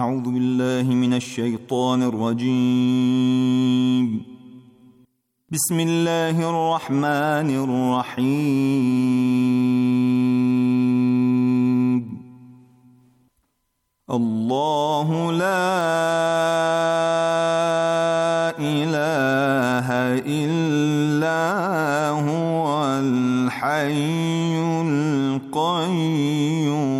أعوذ بالله من الشيطان الرجيم بسم الله الرحمن الرحيم الله لا إله إلا هو الحي القيوم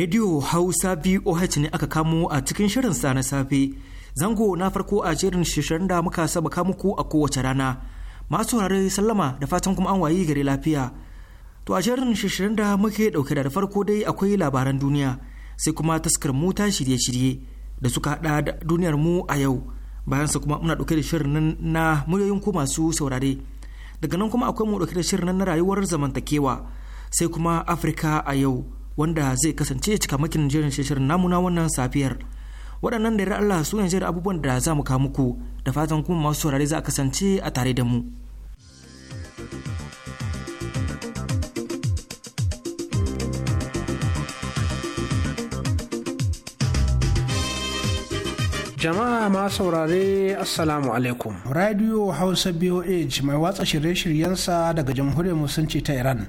Radio Hausa VOH ne aka kamo a cikin shirin sa na safe. Zango na farko a jerin shirin da muka saba muku a kowace rana. Masu saurare sallama da fatan kuma an wayi gari lafiya. To a jerin shirin da muke dauke da farko dai akwai labaran duniya sai kuma taskar mu ta shirye-shirye da suka hada da duniyar mu a yau. Bayan sa kuma muna dauke da shirin nan na muryoyin ku masu saurare. Daga nan kuma akwai mu dauke da shirin na rayuwar zamantakewa sai kuma Afirka a yau. wanda zai kasance cikamakin jerin shirin namuna wannan safiyar waɗannan da Allah su yanzu da abubuwan da za mu kawo muku da fatan kuma masu saurare za a kasance a tare da mu. Jama'a ma saurare Assalamu alaikum. Radio Hausa BOH mai watsa shirye-shiryensa daga Jamhuriyar Musulunci ta Iran.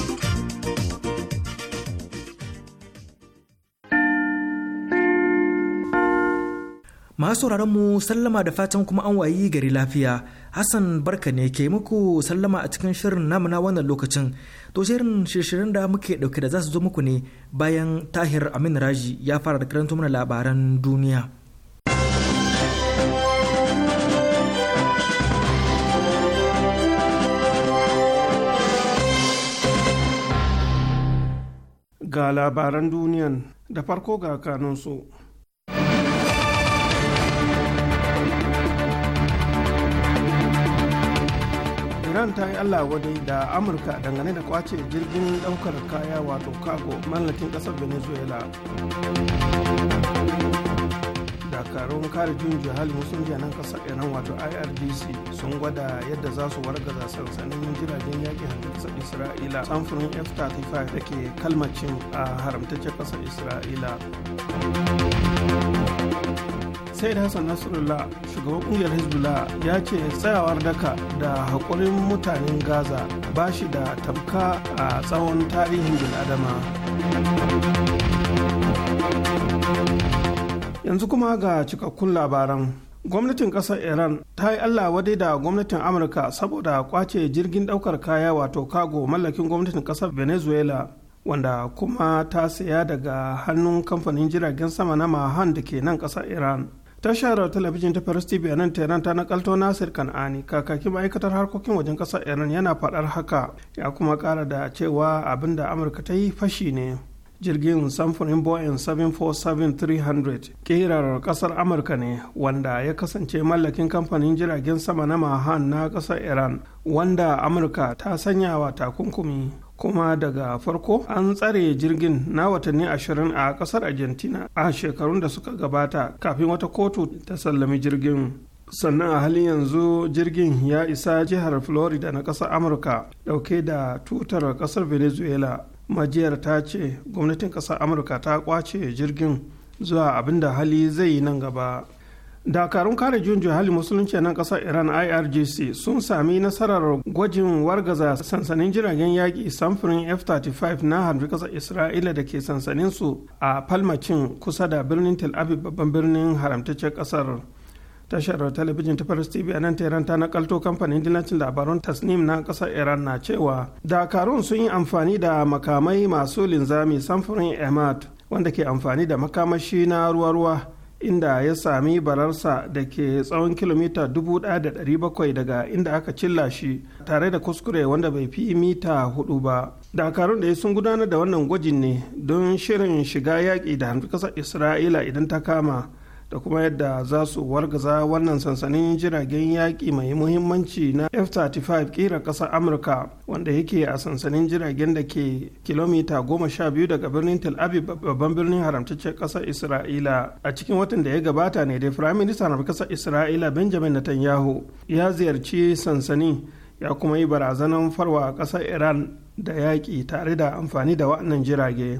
Masu mu sallama da fatan kuma an wayi gari lafiya. Hassan barka ne ke muku sallama a cikin shirin namu na wannan lokacin. To shirin shirin da muke dauke da za su zo muku ne bayan Tahir Amin Raji ya fara da karanto mana labaran duniya. Ga labaran duniyan da farko ga kanunsu. iran ta yi allah wadai da amurka dangane da kwace jirgin daukar kaya wato cargo mallakin kasar venezuela dakarun kare juyin jihali musulmi nan kasar iran wato irdc sun gwada yadda za su wargaza sansanin jiragen yakin a kasar isra'ila samfurin f-35 da ke kalmacin a haramtaccen kasar isra'ila sai da hassan nasrullah shugaban kungiyar hezbollah ya ce tsayawar daka da haƙurin mutanen gaza ba shi da tabka a tsawon tarihin bil'adama yanzu kuma ga cikakkun labaran gwamnatin kasar iran ta yi allah wadai da gwamnatin amurka saboda kwace jirgin ɗaukar kaya wato kago mallakin gwamnatin ƙasar venezuela wanda kuma ta saya daga hannun kamfanin jiragen sama na mahan da ke nan ƙasar iran tashar talabijin ta paris tv a nan tehran ta nakalto nasir kan'ani kakakin ma'aikatar harkokin wajen kasar iran yana faɗar haka ya kuma ƙara da cewa abin da amurka ta yi fashi ne jirgin samfurin boeing 747-300 ƙirar ƙasar amurka ne wanda ya kasance mallakin kamfanin jiragen sama na mahan na ƙasar iran wanda amurka ta sanya wa takunkumi kuma daga farko an tsare jirgin na watanni ashirin a kasar argentina a shekarun da suka gabata kafin wata kotu ta sallami jirgin sannan a halin yanzu jirgin ya isa jihar florida na kasar amurka dauke da tutar kasar venezuela majiyar ta ce gwamnatin kasar amurka ta kwace jirgin zuwa abinda hali zai yi nan gaba dakarun kare juyin juhali musulunci nan kasar iran irgc sun sami nasarar gwajin wargaza sansanin jiragen yaƙi samfurin f-35 na hannun kasar isra'ila da ke sansaninsu a palmacin kusa da birnin tel aviv babban birnin haramtaccen kasar tashar talabijin ta paris tv a nan tehran ta nakalto kamfanin dillacin labarun tasnim na kasar iran na cewa dakarun sun yi amfani da makamai masu linzami samfurin emad wanda ke amfani da makamashi na ruwa-ruwa inda ya sami bararsa da ke tsawon kilomita 1,700 daga inda aka cilla shi tare da kuskure wanda bai fi mita hudu ba dakarun da ya sun gudanar da wannan gwajin ne don shirin shiga yaƙi da ƙasar isra'ila idan ta kama da kuma yadda za su wargaza wannan sansanin jiragen yaƙi mai muhimmanci na f-35 kira ƙasar amurka wanda yake a sansanin jiragen da ke kilomita goma sha biyu daga birnin tel aviv babban birnin haramtaccen ƙasar isra'ila a cikin watan da ya gabata ne dai firayim na ƙasar isra'ila benjamin netanyahu ya ziyarci sansani ya kuma yi barazanan farwa a ƙasar iran da yaƙi tare da amfani da wannan jirage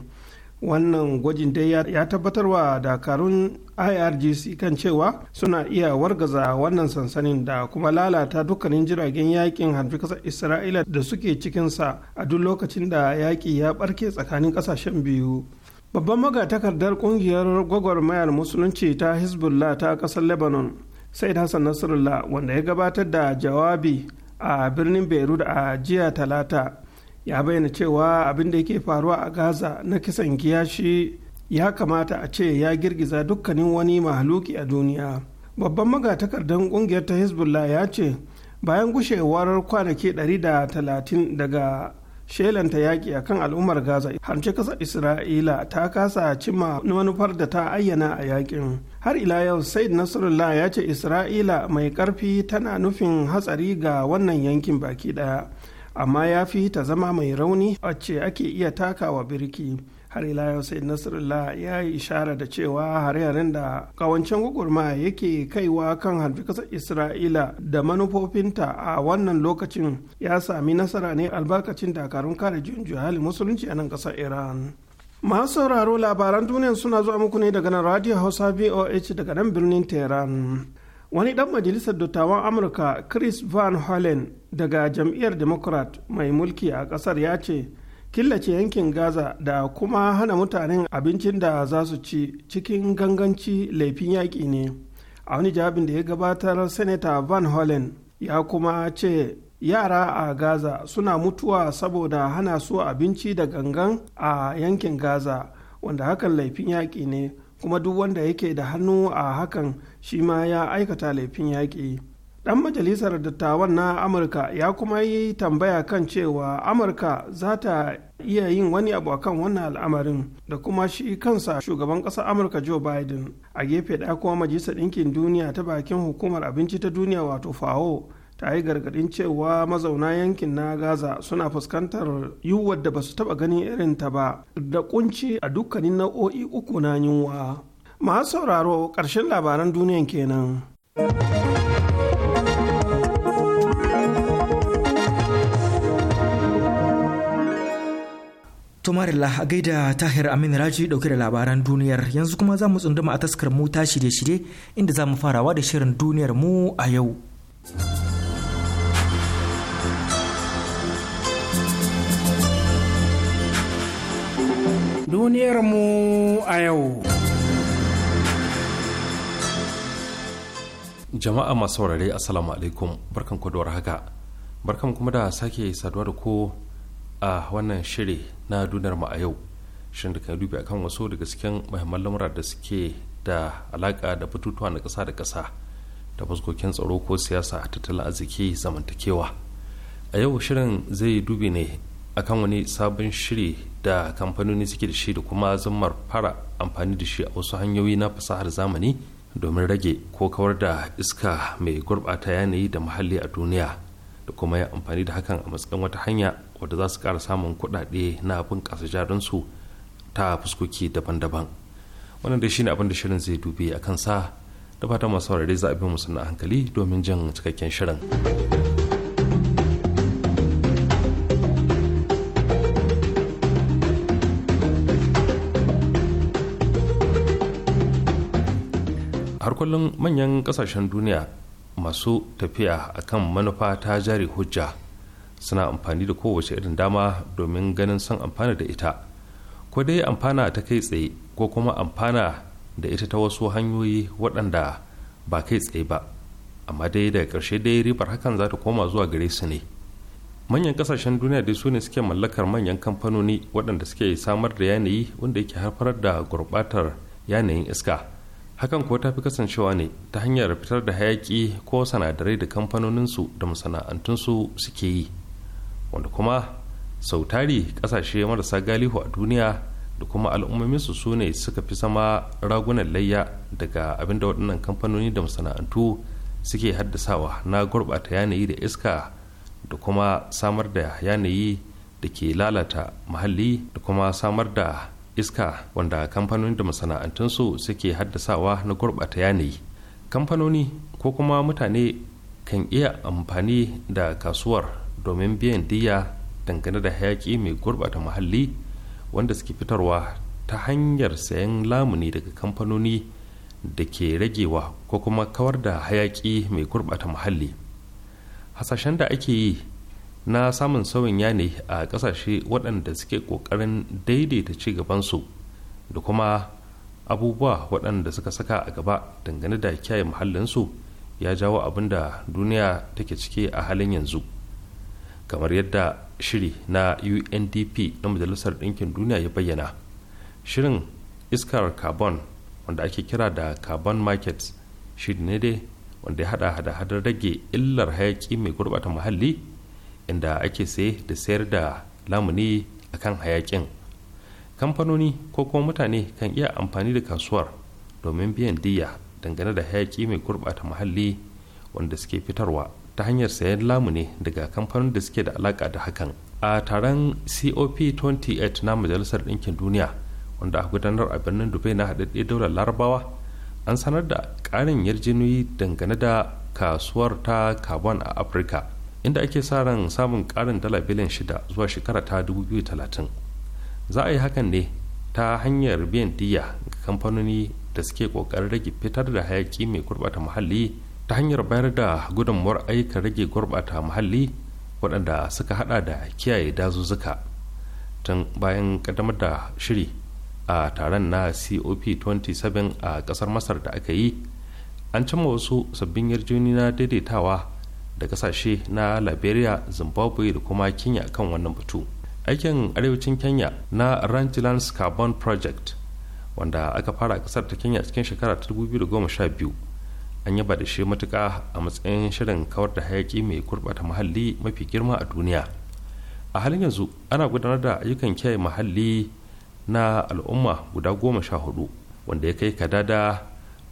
wannan gwajin dai ya tabbatarwa dakarun irgc kan cewa suna iya wargaza wannan sansanin da kuma lalata dukkanin jiragen yakin harfi kasar isra'ila da suke cikinsa a duk lokacin da yaƙi ya ɓarke tsakanin ƙasashen biyu babban magatakardar ƙungiyar gwagwarmayar musulunci ta hezbollah ta ƙasar lebanon said hassan nasrullah wanda ya gabatar da jawabi a birnin beirut a jiya talata ya bayyana cewa abin da yake faruwa a gaza na kisan kiyashi ya kamata a ce ya girgiza dukkanin wani mahaluki a duniya babban magatakardan kungiyar ta hezbollah ya ce bayan gushewar kwanaki 130 daga shelanta yaƙi a kan al'ummar gaza harce ƙasar isra'ila ta kasa cimma manufar da ta ayyana a yaƙin har ila yau said nasrullah ya ce isra'ila mai ƙarfi tana nufin hatsari ga wannan yankin baki ɗaya amma ya fi ta zama mai rauni ce ake iya takawa birki har ila yau sai nasrullah ya yi ishara da cewa hare-haren da kawancen gugurma yake kaiwa kan harfi kasar isra'ila da manufofinta a wannan lokacin ya sami nasara ne albarkacin dakarun kare juyin halin musulunci a nan kasar iran masu sauraro labaran duniya suna zuwa muku ne daga nan radio hausa voh daga nan birnin tehran wani dan majalisar dattawan amurka chris van hollen daga jam'iyyar democrat mai mulki a kasar ya ce killace yankin gaza da kuma hana mutanen abincin da za su ci cikin ganganci laifin yaƙi ne a wani jawabin da ya gabatar senator van hollen ya kuma ce yara a gaza suna mutuwa saboda hana su abinci da gangan a yankin gaza wanda hakan laifin yaƙi ne kuma duk wanda yake da hannu a hakan shi ma ya aikata laifin yaƙi dan majalisar dattawan na amurka ya kuma yi tambaya kan cewa amurka za ta iya yin wani abu akan wannan al'amarin da kuma shi kansa shugaban ƙasar amurka joe biden a gefe ɗaya kuma majalisar ɗinkin duniya ta bakin hukumar abinci ta duniya wato fao ta yi gargaɗin cewa mazauna yankin na gaza suna fuskantar yiwuwar da ba su taɓa ganin irin ta ba da kunci a dukkanin nau'o'i uku na yunwa masu sauraro ƙarshen labaran duniyan kenan. Tumarilla a gaida Tahir Amin Raji dauke da labaran duniyar yanzu kuma za mu tsunduma a taskar mu ta shirye-shirye inda za mu farawa da shirin duniyar mu a yau. Duniyar mu a yau. Jama'a masu saurare Assalamu alaikum barkan da haka barkan kuma da sake saduwa da ko a wannan shiri na dunar mu a yau shirin da kan dubi akan wasu daga cikin muhimman lamura da suke da alaka da batutuwa na ƙasa da ƙasa da fuskokin tsaro ko siyasa tattalin arziki zamantakewa a yau shirin zai dubi ne akan wani sabon shiri da kamfanoni suke da shi da kuma zammar fara amfani da shi a wasu hanyoyi na fasahar zamani domin rage ko kawar da iska mai gurɓata yanayi da muhalli a duniya da kuma ya amfani da hakan a matsayin wata hanya wadda za su kara samun kuɗaɗe na bunƙasa jarinsu ta fuskoki daban-daban wannan shi ne abin da shirin zai dube a sa da fata masu saurare za a bi musu na hankali domin jin cikakken shirin. har kullum manyan kasashen duniya masu tafiya akan manufa ta jari hujja suna amfani da kowace irin dama domin ganin son amfana da ita ko dai amfana ta kai tsaye ko kuma amfana da ita ta wasu hanyoyi waɗanda ba kai tsaye ba amma dai daga ƙarshe dai ribar hakan za ta koma zuwa gare su ne manyan ƙasashen duniya dai su ne suke mallakar manyan kamfanoni waɗanda suke samar da yanayi wanda yake haifar da gurɓatar yanayin iska hakan ko ta fi kasancewa ne ta hanyar fitar da hayaƙi ko sanadarai da kamfanoninsu da masana'antunsu suke yi wanda kuma sau tari kasashe marasa galihu a duniya da kuma al'ummominsu su ne suka fi sama ragunan layya daga abin da waɗannan kamfanoni da masana'antu suke haddasawa na gurɓata yanayi da iska da kuma samar da yanayi da ke lalata muhalli da kuma samar da iska wanda kamfanoni da masana'antunsu suke haddasawa na gurɓata yanayi kamfanoni ko kuma mutane kan iya amfani da kasuwar domin biyan diya dangane da hayaƙi mai gurɓata muhalli wanda suke fitarwa ta hanyar sayan lamuni daga kamfanoni da ke ragewa ko kuma kawar da hayaƙi mai gurɓata muhalli hasashen da ake yi na samun sauyin yane a kasashe waɗanda suke ƙoƙarin daidaita ci gabansu da kuma abubuwa waɗanda suka saka a gaba dangane da kiyaye muhallinsu ya jawo abin da duniya take cike a halin yanzu. kamar yadda shiri na undp na majalisar ɗinkin duniya ya bayyana shirin iskar carbon wanda ake kira da carbon markets shi ne dai wanda ya hada hada hadar rage illar hayaki mai gurbata muhalli inda ake saye da sayar da lamuni a kan hayakin kamfanoni ko kuma mutane kan iya amfani da kasuwar domin biyan diya dangane da hayaki mai gurbata muhalli wanda suke fitarwa ta hanyar sayan ne daga kamfanin da suke da alaka da hakan a taron cop 28 na majalisar ɗinkin duniya wanda a gudanar a birnin dubai na haɗaɗɗe daular larabawa an sanar da ƙarin yarjinoyi dangane da kasuwar ta carbon a afirka inda ake sa ran samun ƙarin dala biliyan shida zuwa shekara ta 2030 za a yi hakan ne ta hanyar biyan diya ga kamfanoni da suke ƙoƙarin rage fitar da hayaki mai gurɓata muhalli ta hanyar bayar da gudunmuwar ayyukan rage gurbata muhalli waɗanda suka hada da kiyaye dazuzzuka tun bayan ƙaddamar da shiri a taron na cop 27 a ƙasar masar da aka yi an cimma wasu sabbin yarjejeni na daidaitawa da ƙasashe na liberia zimbabwe da kuma kenya kan wannan batu aikin arewacin kenya na rangelands carbon project wanda aka fara a ƙasar ta kenya cikin shekara 2012 an yaba da shi matuka a matsayin shirin kawar da hayaki mai kurɓata muhalli mafi girma a duniya a halin yanzu ana gudanar da ayyukan kiyaye muhalli na al'umma guda goma sha hudu wanda ya kai kadada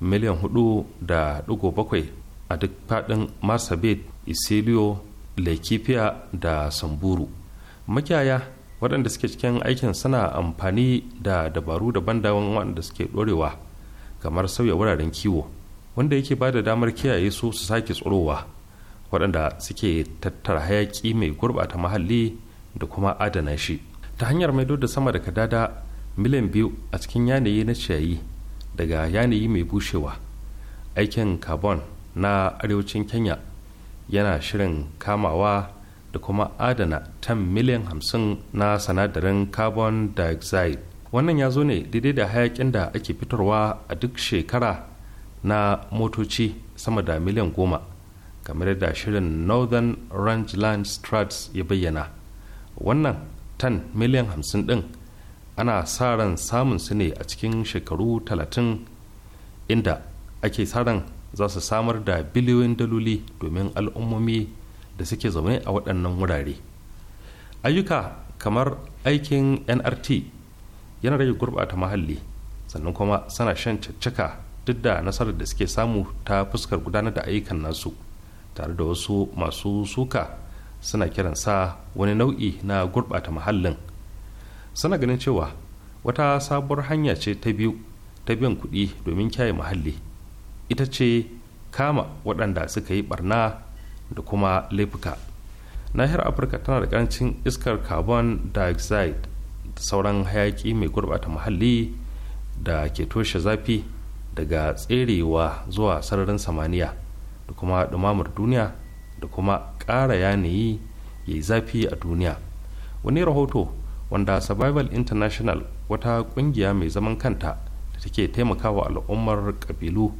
miliyan hudu da digo bakwai a duk faɗin marsabit isilio laikifiya da samburu makiyaya waɗanda suke cikin aikin suna amfani da dabaru daban-daban waɗanda suke ɗorewa kamar sauya wuraren kiwo wanda yake ba da damar kiyaye su su sake tsirowa waɗanda suke tattara hayaƙi mai gurɓata muhalli da kuma adana shi ta hanyar maido da sama da kadada miliyan biyu a cikin yanayi na ciyayi daga yanayi mai bushewa aikin carbon na arewacin kenya yana shirin kamawa da kuma adana tan miliyan hamsin na sanadarin carbon dioxide wannan ya zo ne daidai da hayaƙin da ake fitarwa a duk shekara na motoci sama da miliyan goma kamar yadda shirin northern rangeland strats ya bayyana wannan tan miliyan hamsin din ana sa ran samun su ne a cikin shekaru talatin inda ake sa ran za su samar da biliyoyin daloli domin al'ummomi da suke zaune a waɗannan wurare ayyuka kamar aikin nrt yana rage gurɓata muhalli sannan kuma sana shan caccaka duk da nasarar da suke samu ta fuskar gudanar da ayyukan nasu tare da wasu masu suka suna kiran sa wani nau'i na gurɓata muhallin suna ganin cewa wata sabuwar hanya ce ta biyu ta biyan kuɗi domin kyaye muhalli ita ce kama waɗanda suka yi barna da kuma laifuka nahiyar afirka tana da ƙarancin iskar carbon dioxide da sauran hayaƙi mai gurɓata muhalli da ke toshe zafi daga tserewa zuwa sararin samaniya da kuma ɗumamar duniya da kuma ƙara yanayi ya yi zafi a duniya wani rahoto wanda survival international wata ƙungiya mai zaman kanta da take taimakawa al'ummar ƙabilu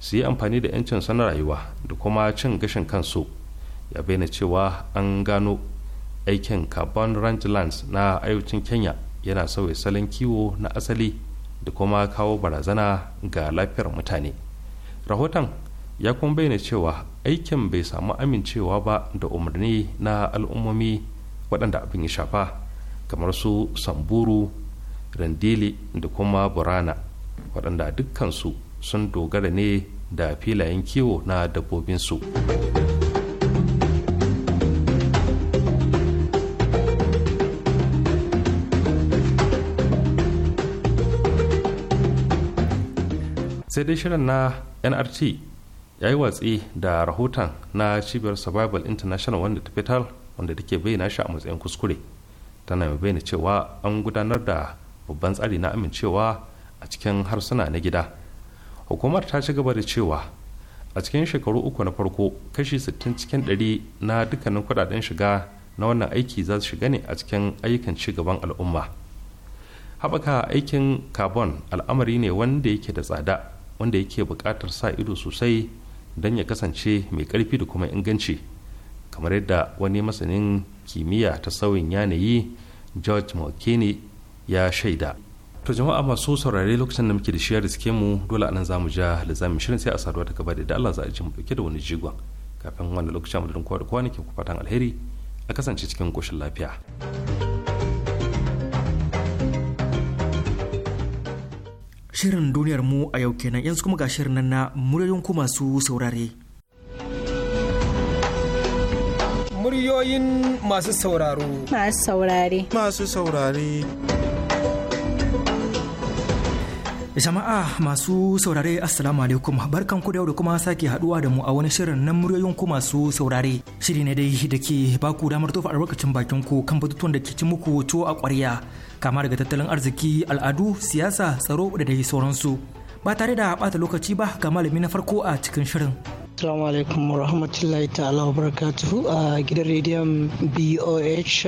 su yi amfani da 'yancin na rayuwa da kuma cin gashin kansu ya bayyana cewa an gano aikin carbon rangelands na ayyucin kenya yana sauya salon kiwo na asali da kuma kawo barazana ga lafiyar mutane rahoton ya kuma bayyana cewa aikin bai samu amincewa ba da umarni na al'ummomi waɗanda abin ya shafa kamar su samburu randili da kuma burana waɗanda dukkansu sun dogara ne da filayen kiwo na dabbobinsu. su sai dai shirin na nrt ya yi watsi da rahoton na cibiyar survival international wanda ta fitar wanda take bayyana shi a matsayin kuskure tana mai bayyana cewa an gudanar da babban tsari na amincewa a cikin harsuna na gida hukumar ta ci gaba da cewa a cikin shekaru uku na farko kashi 60 cikin 100 na dukkanin kudaden shiga na wannan aiki za su shiga ne a cikin ayyukan ci gaban al'umma haɓaka aikin carbon al'amari ne wanda yake da tsada wanda yake buƙatar sa ido sosai don ya kasance mai ƙarfi da kuma inganci kamar yadda wani masanin kimiyya ta sauyin yanayi george mckinney ya shaida to jama'a masu saurare lokacin da muke da shiyar riske mu dole anan zamu ja lizamin shirin sai a saduwa ta gaba da Allah za a ji mu dauke da wani jigon kafin wani lokacin mu da kowa da kowa ne ke kufatan fatan alheri a kasance cikin koshin lafiya. Shirin duniyar mu a yau kenan yanzu kuma ga shirin nan na muryoyin ku masu saurare. Muryoyin masu sauraro. Masu saurare. Masu saurare. jama'a masu saurare assalamu alaikum barkan ku da yau da kuma sake haduwa da mu a wani shirin na muryoyin ku masu saurare shiri ne dai da ke baku damar tofa albarkacin bakin ku kan batutuwan da ke ci muku to a kwarya kama daga tattalin arziki al'adu siyasa tsaro da dai sauransu ba tare da bata lokaci ba ga malami na farko a cikin shirin Assalamu alaikum wa rahmatullahi ta'ala wa barakatuhu a gidan rediyon BOH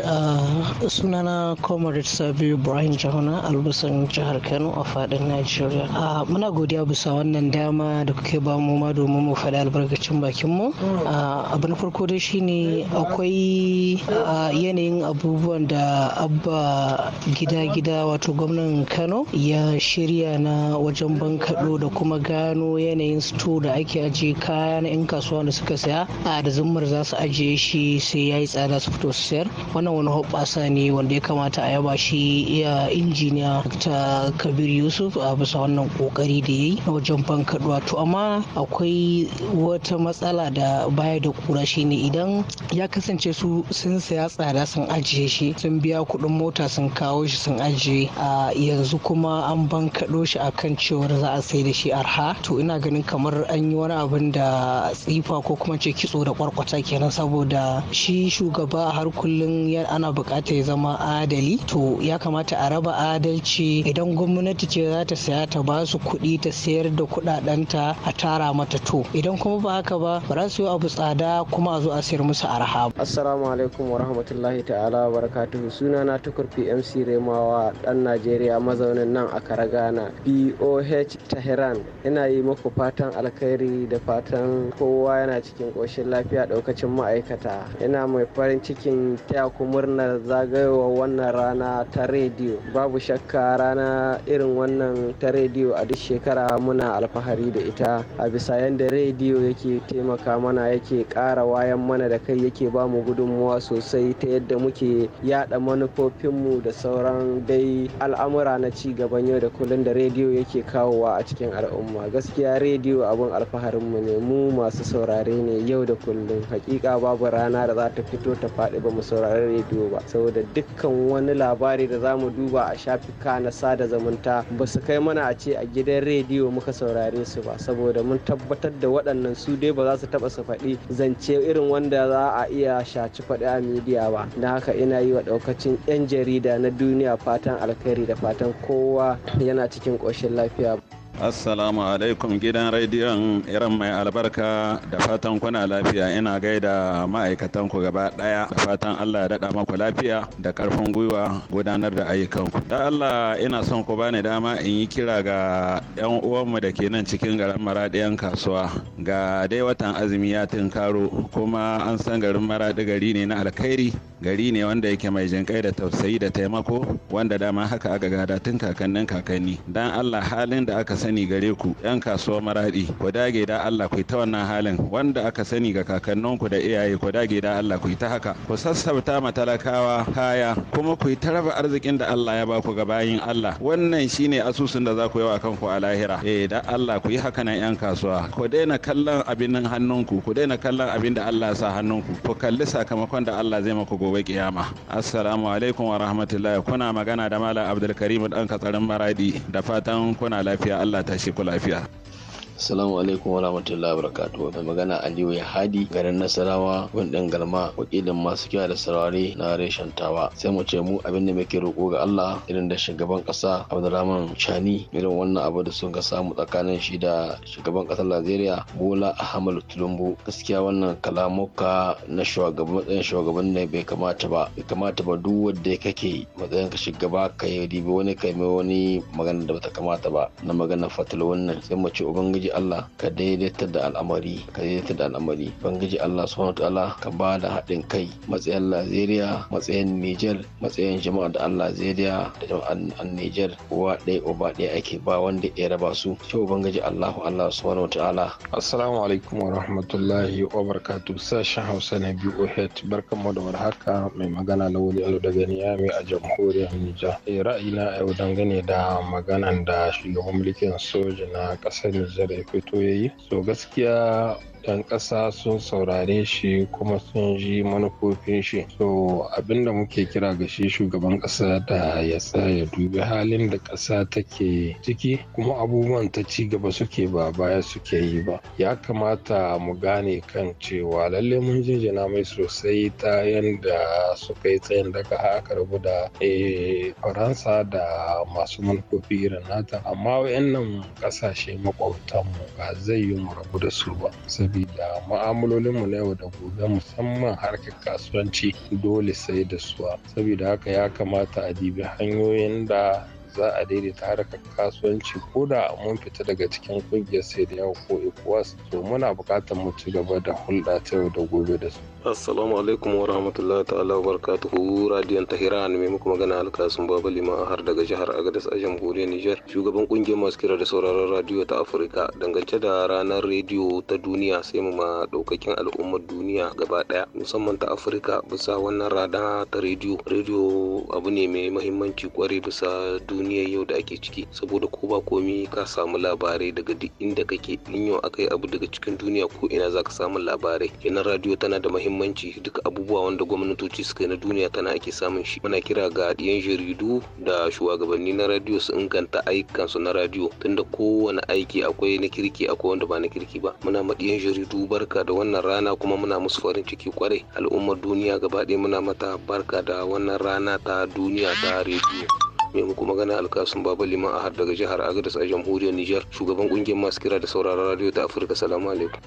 sunana Comrade Sabi Ibrahim Jahuna albasan jihar Kano a fadin Najeriya. Muna godiya bisa wannan dama da kuke ba mu ma domin mu faɗi albarkacin bakin mu. Abu na farko dai shine akwai yanayin abubuwan da abba gida-gida wato gwamnan Kano ya shirya na wajen bankaɗo da kuma gano yanayin da ake ajiye kaya kaya na 'yan kasuwa da suka saya a da zummar za su ajiye shi sai ya yi tsada su fito su sayar wannan wani hoɓasa ne wanda ya kamata a yaba shi iya injiniya ta kabir yusuf a bisa wannan kokari da ya yi na wajen bankaɗuwa to amma akwai wata matsala da baya da kura shi ne idan ya kasance su sun saya tsada sun ajiye shi sun biya kuɗin mota sun kawo shi sun ajiye a yanzu kuma an bankaɗo shi akan cewar za a sai da shi arha to ina ganin kamar an yi wani abin da a tsifa ko kuma ce kitso da kwarkwata kenan saboda shi shugaba har kullum ana bukata ya zama adali to ya kamata a raba adalci idan gwamnati ce za ta saya ta ba su kuɗi ta sayar da kuɗaɗenta a tara mata to idan kuma ba haka ba ba za su yi abu tsada kuma a zo a sayar musu arha assalamu alaikum wa rahmatullahi ta'ala wa barakatuhu suna na tukurfi mc remawa dan najeriya mazaunin nan a karagana boh tehran ina yi muku fatan alkhairi da fatan kowa yana cikin ƙoshin lafiya ɗaukacin ma'aikata yana mai farin cikin taya ku murnar zagayowar wannan rana ta rediyo babu shakka rana irin wannan ta rediyo a duk shekara muna alfahari da ita a bisa yadda rediyo yake taimaka mana yake ƙara wayan mana da kai yake ba mu gudunmuwa sosai ta yadda muke yada manufofinmu da sauran dai al'amura na ci gaban yau da kullum da rediyo yake kawowa a cikin al'umma gaskiya rediyo abin alfaharinmu ne mu mu masu saurare ne yau da kullum hakika babu rana da za ta fito ta faɗi ba mu saurari rediyo ba saboda dukkan wani labari da za mu duba a shafika na sada zumunta ba su kai mana a ce a gidan rediyo muka saurare su ba saboda mun tabbatar da waɗannan su dai ba za su taɓa su faɗi zance irin wanda za a iya shaci faɗi a midiya ba na haka ina yi wa ɗaukacin 'yan jarida na duniya fatan alkhairi da fatan kowa yana cikin ƙoshin lafiya. assalamu alaikum gidan rediyon iran mai albarka da fatan kuna lafiya ina gaida ma'aikatan ku gaba daya da fatan allah ya daɗa maku lafiya da karfin gwiwa gudanar da ayyukanku da allah ina son ku bani dama in yi kira ga yan uwanmu da ke nan cikin garin 'yan kasuwa ga dai watan azumi ya tinkaro kuma an san garin maraɗi gari ne na alkhairi gari ne wanda yake mai jinkai da tausayi da taimako wanda dama haka aka gada tun kakannin kakanni dan allah halin da aka sani gare ku yan kasuwa maradi ku dage da Allah ku ta wannan halin wanda aka sani ga kakanninku da iyaye ku dage da Allah ku ta haka ku sassauta matalakawa kaya kuma ku ta raba arzikin da Allah ya baku ga bayin Allah wannan shine asusun da za ku yi wa ku a lahira eh da Allah ku yi haka nan yan kasuwa ku daina kallon abin nan hannunku ku daina kallon abin da Allah ya sa hannunku ku kalli sakamakon da Allah zai maku gobe kiyama assalamu alaikum wa rahmatullahi kuna magana da malam abdulkarim dan katsarin maradi da fatan kuna lafiya Allah Allah ta shi ku lafiya. Assalamu alaikum wa rahmatullahi wa barakatuh. Mai magana Aliyu ya hadi garin Nasarawa wani galma wakilin masu kiwa da sarari na reshen tawa. Sai mu ce mu abin da muke roƙo ga Allah irin da shugaban ƙasa Abdulrahman Shani irin wannan abu da sun ka samu tsakanin shi da shugaban ƙasar Najeriya Bola Ahmadu Tinubu. Gaskiya wannan kalamuka na shugaban matsayin shugaban ne bai kamata ba. Bai kamata ba duk wanda kake matsayin ka shugaba ka yi wani kai mai wani magana da bata kamata ba na magana fatal wannan sai mu ce ubangiji ubangiji Allah ka daidaita da al'amari ka daidaita da al'amari ubangiji Allah subhanahu ta'ala ka ba da haɗin kai matsayin Najeriya matsayin Niger matsayin jama'a da Allah Najeriya da jama'an Niger uwa ɗaya uba ɗaya ake ba wanda ya raba su shi ubangiji Allahu Allah subhanahu ta'ala assalamu alaikum wa rahmatullahi wa barakatuh sashen Hausa na barkan mu da warhaka mai magana Lawali Alo daga Niyami a jamhuriyar Niger. Nijar eh, ra'ayina yau dangane da maganan da shugaban mulkin soja na ƙasar Nijar da ya fito ya yi so gaskiya 'yan ƙasa sun saurare shi kuma sun ji manufofin shi so abinda muke kira ga shi shugaban ƙasa da ya sa ya dubi halin da ƙasa take ciki kuma abubuwan ta ci gaba suke ba baya suke yi ba ya kamata mu gane kan cewa lalle mun jinjina mai sosai ta yadda suka yi tsayin daga haka rabu da eh, faransa da masu manufofi irin nata amma wayannan ƙasashe makwabtanmu ba zai yi mu rabu da su ba hankali da mu na yau da gobe musamman harkar kasuwanci dole sai da suwa saboda haka ya kamata a dibi hanyoyin da za a daidaita harkar kasuwanci ko da mun fita daga cikin kungiyar sai da yau ko ecowas to muna buƙatar mu ci gaba da hulɗa ta yau da gobe da su assalamu alaikum wa rahmatullahi ta'ala wa barakatuhu radiyon tahiran mai muku magana alkasun baba lima har daga jihar agadas a jamhuriyar niger shugaban kungiyar masu kira da sauraron radiyo ta afirka dangance da ranar rediyo ta duniya sai mu ma daukakin al'ummar duniya gaba daya musamman ta afirka bisa wannan rana ta rediyo rediyo abu ne mai mahimmanci kwarai bisa duniyar yau da ake ciki saboda ko ba komi ka samu labarai daga duk inda kake in yau akai abu daga cikin duniya ko ina zaka samu labarai kenan radiyo tana da mahimmanci muhimmanci duka abubuwa wanda gwamnatoci suka yi na duniya tana ake samun shi muna kira ga yan jaridu da shugabanni na radiyo su inganta ayyukansu na radiyo tunda kowane aiki akwai na kirki akwai wanda ba na kirki ba muna yan jaridu barka da wannan rana kuma muna musu farin ciki kwarai al'ummar duniya gaba ɗaya muna mata barka da wannan rana ta duniya ta rediyo mai muku magana alkasun baba liman ahar daga jihar agadis a jamhuriyar niger shugaban kungiyar masu kira da sauraron radio ta afirka salamu alaikum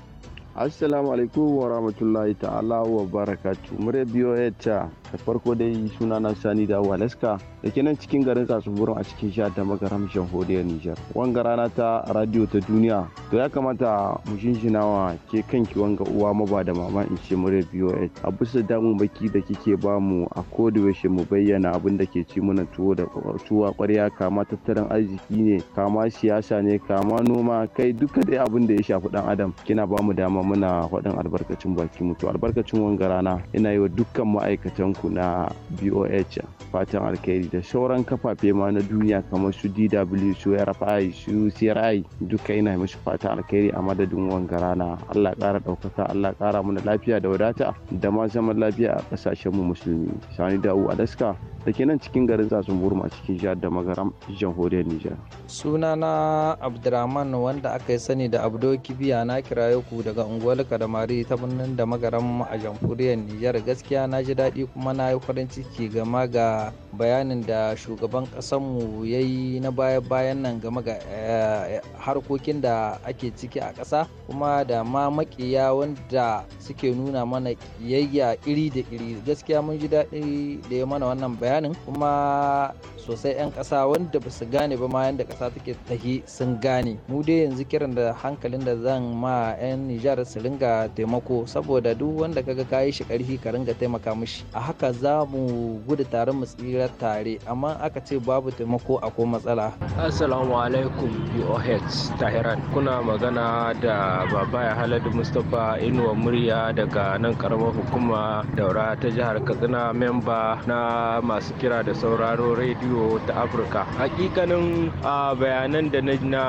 assalamu alaikum wa rahmatullahi ta'ala wa barakatu mure biyo ta da farko dai suna na sani da waleska da ke nan cikin garin tsatsuburin a cikin sha ta magaram jamhuriyar nijar wanga rana ta radio ta duniya to ya kamata mu shinshina wa ke kanki wanga uwa maba da mama in ce mure biyo a bisa damun baki da kike ba mu a kodayaushe mu bayyana abin da ke ci mana tuwo da tuwa kwarya kama tattalin arziki ne kama siyasa ne kama noma kai duka dai abin da ya shafi dan adam kina ba mu dama muna faɗin albarkacin baki mutu albarkacin wanga rana ina yi wa dukkan ma'aikatan ku na boh fatan alkhairi da sauran kafafe ma na duniya kamar su dw su rfi su cri duka ina mashi fatan alkhairi a madadin wanga rana allah ƙara ɗaukaka allah ƙara mana lafiya da wadata da ma zaman lafiya a ƙasashen mu musulmi sani dawu alaska da ke nan cikin garin tsatsun burma a cikin jihar da magaram jamhuriyar nijar sunana abdurrahman wanda aka yi sani da abdo kibiya na kirayoku daga unguwar kadamari ta birnin da magaran a jamhuriyar nijar gaskiya na ji daɗi kuma na yi farin ciki game ga bayanin da shugaban ƙasanmu ya yi na baya bayan nan game ga eh, harkokin da ake ciki a ƙasa kuma da ma makiya wanda suke nuna mana kiyayya iri da iri gaskiya mun ji daɗi da ya mana wannan bayanin kuma sosai 'yan ƙasa wanda ba su gane ba ma yadda ƙasa take tahi sun gane mu dai yanzu kiran da hankalin da zan ma 'yan nijar yara su ringa taimako saboda duk wanda kaga kayi shi karfi ka ringa taimaka mishi a haka za mu gudu tare mu tsira tare amma aka ce babu taimako ko matsala assalamu alaikum boh tahiran kuna magana da ya haladu mustapha inuwa murya daga nan karamar hukuma daura ta jihar katsina memba na masu kira da sauraro rediyo ta afirka hakikanin ah, bayanan da na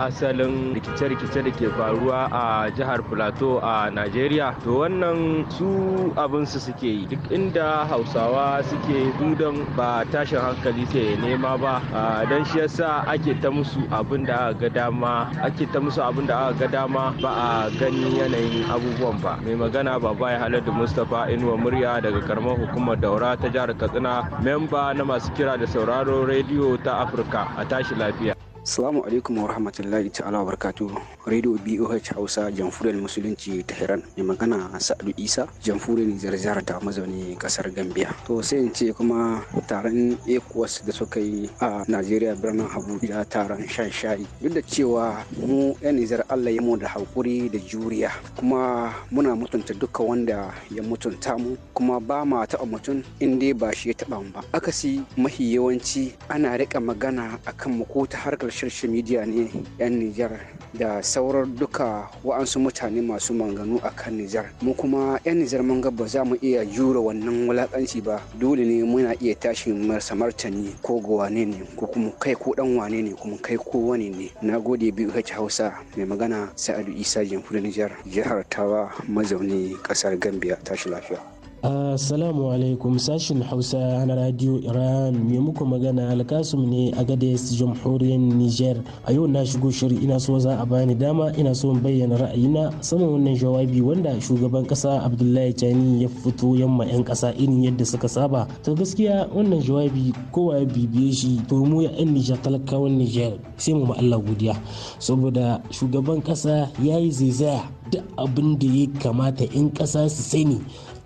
asalin rikice-rikice da ke faruwa a jihar jihar plateau a najeriya to wannan su abin su suke yi duk inda hausawa suke dudan ba tashin hankali sai nema ba don shi yasa ake ta musu abin da ga dama ake ta musu abin da aka ga dama ba a gani yanayin abubuwan ba mai magana baba ya halar da mustapha inuwa murya daga karamar hukumar daura ta jihar katsina memba na masu kira da sauraro rediyo ta afirka a tashi lafiya Salamu alaikum wa rahmatullahi ta'ala wa barkatu. Radio BOH Hausa jamfure Musulunci ta hiran mai magana Sa'adu Isa jamfuren Nijar jihar ta mazauni kasar Gambia. To sai in ce kuma taron ECOWAS da suka yi a Najeriya birnin Abuja taron shan shayi. Duk da cewa mu 'yan Nijar Allah ya mu da haƙuri da juriya kuma muna mutunta duka wanda ya mutunta mu kuma ba ma taɓa mutum in dai ba shi ya taɓa mu ba. Akasi mahi yawanci ana riƙa magana akan mu ko ta harkar social midiya ne 'yan Nijar da sauran duka wa'ansu mutane masu manganu a kan Nijar. Mu kuma 'yan Nijar mun ba za mu iya jure wannan wulakanci ba dole ne muna iya tashi marsa martani ko ga ne ko kuma kai ko dan wane ne kuma kai ko wane ne. Na gode biyu Hausa mai magana Sa'adu Isa Jamhuriyar Nijar jihar Tawa mazauni ƙasar gambiya tashi lafiya. Assalamu alaikum sashin Hausa na Radio Iran mai muku magana alkasum ne a Gades jamhuriyar Niger. A yau na shigo shiri ina so za a bani dama ina so bayyana ra'ayina saman wannan jawabi wanda shugaban kasa Abdullahi Tani ya fito yamma 'yan kasa irin yadda suka saba. To gaskiya wannan jawabi kowa ya bibiye shi to mu ya 'yan Niger talakawan Niger sai mu ma Allah godiya saboda shugaban kasa ya yi zaizaya duk abin da ya kamata 'yan kasa su sani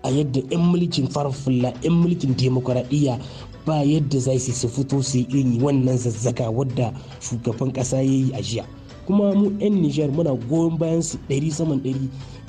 a yadda 'yan mulkin farfulla 'yan mulkin demokuraɗiyya ba yadda za su fito su yi wannan zazzaka wadda shugaban ƙasa ya yi a jiya kuma mu 'yan nijar muna goyon bayan su ɗari saman ɗari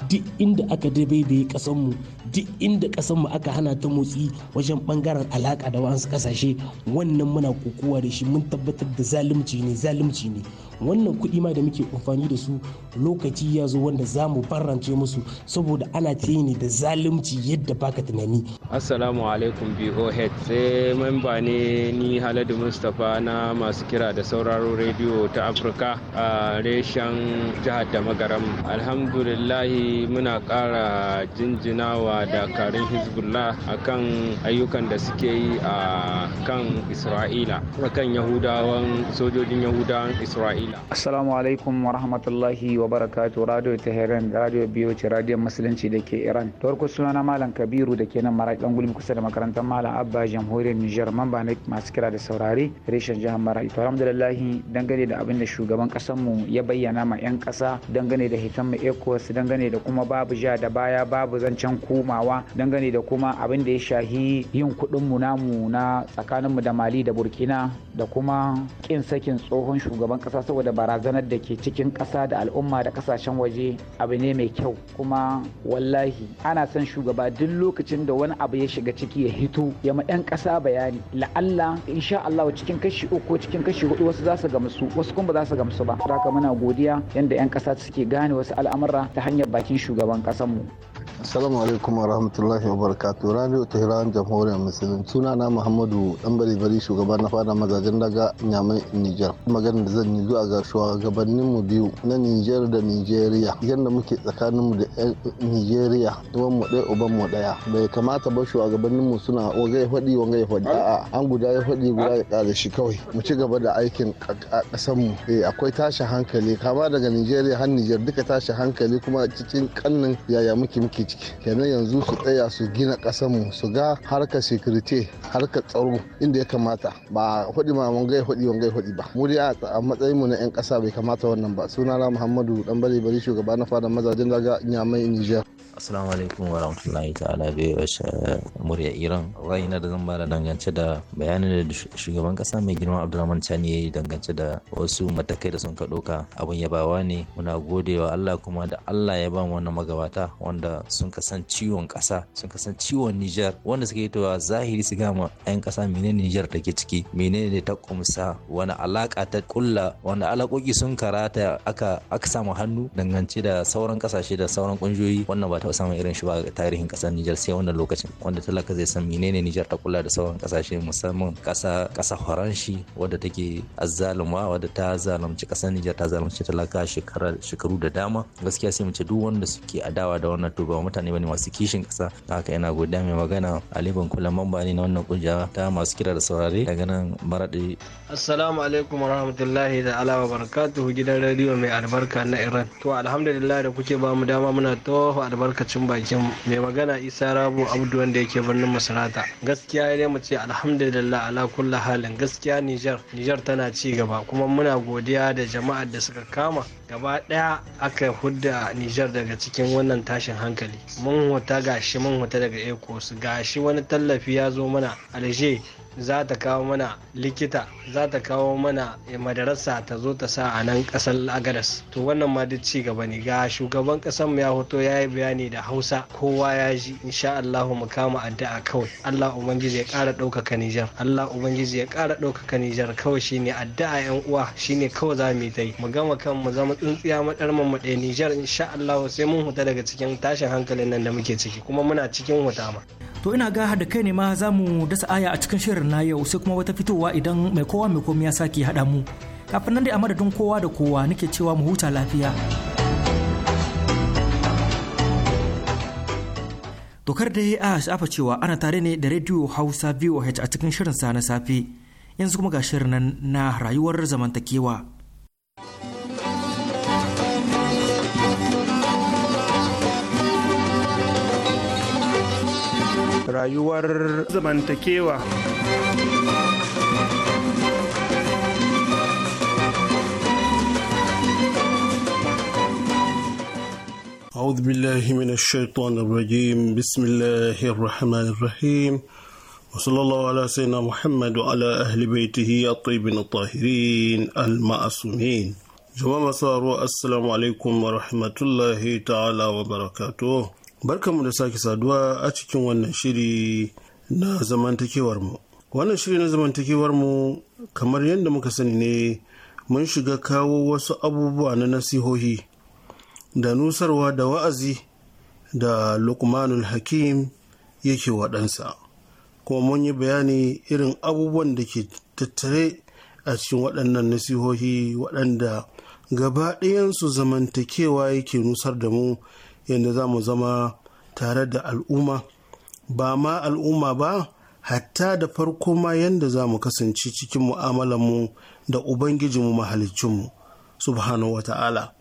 duk inda aka dabaibaye kasanmu duk inda mu aka hana ta motsi wajen bangaren alaka da wasu kasashe wannan muna kokowa da shi mun tabbatar da zalunci ne zalunci ne wannan kuɗi ma da muke amfani da su lokaci ya zo wanda za mu barrance musu saboda ana ta ne da zalunci yadda baka tunani assalamu alaikum boh sai memba ne ni haladu mustapha na masu kira da sauraro rediyo ta afirka a reshen jihar da magaram alhamdulillahi muna kara jinjinawa dakarun hezbollah akan ayyukan da suke yi a kan isra'ila akan yahudawan sojojin yahudawan isra'ila assalamu alaikum wa rahmatullahi wa barakatu radio tehran radio biyoci radio musulunci da ke iran da farko sunana malam kabiru da ke nan maraƙi dan gulmi kusa da makarantar malam abba jamhuriyar nijar mamba na masu kira da saurare reshen jihar maraƙi to alhamdulillahi dangane da abin da shugaban ƙasarmu ya bayyana ma 'yan ƙasa dangane da hitan mu ecowas dangane da da kuma babu ja da baya babu zancen komawa dangane da kuma abin da ya shahi yin kuɗin mu namu na tsakaninmu da mali da burkina da kuma kin sakin tsohon shugaban ƙasa saboda barazanar da ke cikin kasa da al'umma da kasashen waje abu ne mai kyau kuma wallahi ana son shugaba duk lokacin da wani abu ya shiga ciki ya hito ya ma 'yan ƙasa bayani la'alla insha Allah cikin kashi uku cikin kashi hudu wasu za su gamsu wasu kuma ba za su gamsu ba haka muna godiya yadda 'yan ƙasa suke gane wasu al'amura ta hanyar baki bakin shugaban ƙasarmu Assalamu alaikum wa rahmatullahi wa barakatu Radio Tehran Jamhuriyar Musulun. Suna na Muhammadu Dan Bari shugaba na fada mazajen daga Nyamai Niger. Magana da zan yi zuwa ga shugabannin mu biyu na Niger da Nigeria. Yanda muke tsakanin mu da Nigeria, uwan mu ɗaya uban mu ɗaya. Bai kamata ba shugabannin mu suna wanga ya faɗi wanga A'a, an guda ya faɗi guda ya ƙara shi kawai. Mu ci gaba da aikin a ƙasar mu. Eh, akwai tashi hankali kama daga Nigeria har Niger duka tashi hankali kuma cikin kannin yaya muke muke ake ciki yanzu su tsaya su gina mu su ga harkar sekirite harkar tsaro inda ya kamata ba hudi ma mun gai hudi wangai hudi ba mu dai a matsayin mu na yan ƙasa bai kamata wannan ba sunana muhammadu dan bare bari shugaba na fadar mazajen daga nyamai niger Assalamu alaikum wa rahmatullahi ta'ala bai wace murya Iran. na da zan bada dangance da bayanin da shugaban kasa mai girma Abdulrahman Chani ya yi dangance da wasu matakai da sun ka ɗauka abin yabawa ne muna godewa Allah kuma da Allah ya ba wannan magabata wanda sun kasan ciwon kasa sun kasan ciwon Nijar wanda suke yi zahiri su gama 'yan kasa menene Nijar take ciki menene ne ta kumsa wani alaka ta kulla wanda alakoki sun karata aka aka samu hannu dangance da sauran kasashe da sauran kungiyoyi wannan ba ta taɓa samun irin shi ba a tarihin ƙasar Nijar sai wannan lokacin wanda talaka zai san menene Nijar ta kula da sauran ƙasashe musamman ƙasa ƙasa Faranshi wadda take azzalumwa wadda ta zalunci ƙasar Nijar ta zalunci talaka shekaru da dama gaskiya sai mu ce duk wanda suke adawa da wannan to ba mutane bane masu kishin ƙasa haka yana godiya mai magana Ali Bankula mamba ne na wannan kungiya ta masu kira da saurare daga nan Maradi Assalamu alaikum warahmatullahi da alawa barakatuhu gidan rediyo mai albarka na Iran to alhamdulillah da kuke ba mu dama muna tofa albarka albarkacin bakin mai magana isa rabu abdu wanda yake birnin masarata gaskiya ya mu ce alhamdulillah ala kulli halin gaskiya nijar niger tana ci gaba kuma muna godiya da jama'ar da suka kama gaba daya aka hudda nijar daga cikin wannan tashin hankali mun huta gashi mun huta daga ecos gashi wani tallafi ya zo mana alje za ta kawo mana likita za ta kawo mana eh, madarasa ta zo ta sa a nan kasar agadas to wannan ma duk ci gaba ne ga shugaban kasar mu ya hoto ya yi bayani da hausa kowa ya ji insha allahu mu kama addu'a kawai allah ubangiji ya kara ɗaukaka nijar allah ubangiji ya kara ɗaukaka nijar kawai shine addu'a yan uwa shine kawai za mu yi ta yi mu gama kan mu zama tsintsiya madar mamaɗe Nijar insha Allah sai mun huta daga cikin tashin hankalin nan da muke ciki kuma muna cikin huta ma. To ina ga da kai ne ma za mu dasa aya a cikin shirin na yau sai kuma wata fitowa idan mai kowa mai komai ya sake haɗa mu. Kafin nan dai a madadin kowa da kowa nake cewa mu huta lafiya. Dokar dai a shafa cewa ana tare ne da rediyo Hausa VOH a cikin shirin sa na safe. Yanzu kuma ga shirin nan na rayuwar zamantakewa. rayuwar zamantakewa. أعوذ بالله من الشيطان الرجيم بسم الله الرحمن الرحيم وصلى الله على سيدنا محمد وعلى أهل بيته الطيبين الطاهرين المعصومين جماعة السلام عليكم ورحمة الله تعالى وبركاته Barkanmu da sake saduwa a cikin wannan shiri na zamantakewarmu. Wannan shiri na zamantakewarmu kamar yadda muka sani ne mun shiga kawo wasu abubuwa na nasihohi da nusarwa da wa'azi da Lukmanul Hakim yake waɗansa. Kuma mun yi bayani irin abubuwan da ke tattare a cikin waɗannan nasihohi waɗanda gaba ɗayansu zamantakewa yake nusar da mu yadda za mu zama tare da al'umma ba ma al'umma ba hatta da farko ma yadda za mu kasance cikin mu'amalanmu da ubangijinmu mahalicinmu subhanahu wa ta'ala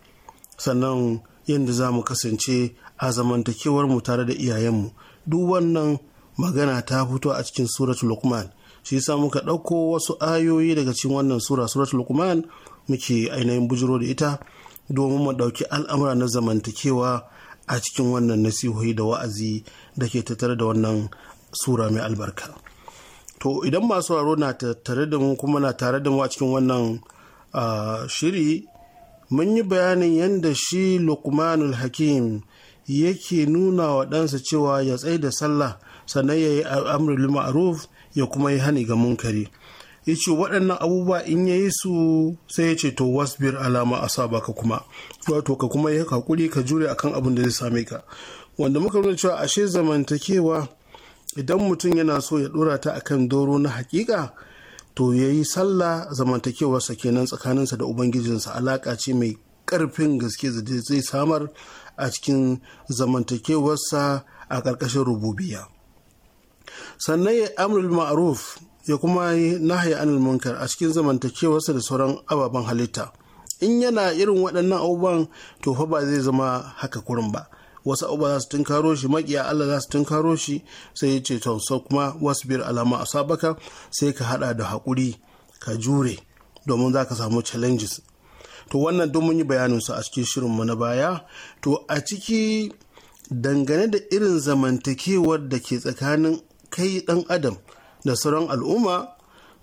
sannan yadda za mu kasance a zamantakewar mu tare da iyayenmu duk wannan magana ta fito a cikin surat lukman shi yasa muka ɗauko wasu ayoyi daga cikin wannan sura surat lukman muke ainihin bujiro da ita domin mu ɗauki al'amura na zamantakewa a cikin wannan nasihohi da wa'azi da ke tattare da wannan sura mai albarka to idan masu waro na tattare da mu kuma na tare da mu a cikin wannan shiri mun yi bayanin yadda shi lukmanul hakim yake nuna wa ɗansa cewa ya tsaye da sallah sannan ya yi amrul ma'ruf ya kuma yi hani ga munkari ya ce waɗannan abubuwa in ya yi su sai ya ce to wasbir alama a sa ka kuma wato ka kuma yi hakuri ka jure akan abin da zai same ka wanda muka nuna cewa ashe zamantakewa idan mutum yana so ya ɗora ta akan doro na hakika to ya yi sallah zamantakewarsa kenan tsakaninsa da ubangijinsa alaƙa ce mai ƙarfin gaske da zai samar a cikin zamantakewarsa a ƙarƙashin rububiya sannan ya amrul ma'ruf ya kuma yi nahayi anil munkar a cikin zamantakewarsa da sauran ababen halitta in yana irin waɗannan abubuwan to fa ba zai zama haka kurin ba wasu abubuwa za su tunkaro shi makiya Allah za su tunkaro shi sai ya ce to so kuma biyar alama sabaka sai ka haɗa da haƙuri ka jure domin za ka samu challenges to wannan don mun yi bayanin su a cikin shirin mu na baya to a ciki dangane da irin zamantakewar da ke tsakanin kai dan adam da sauran al'umma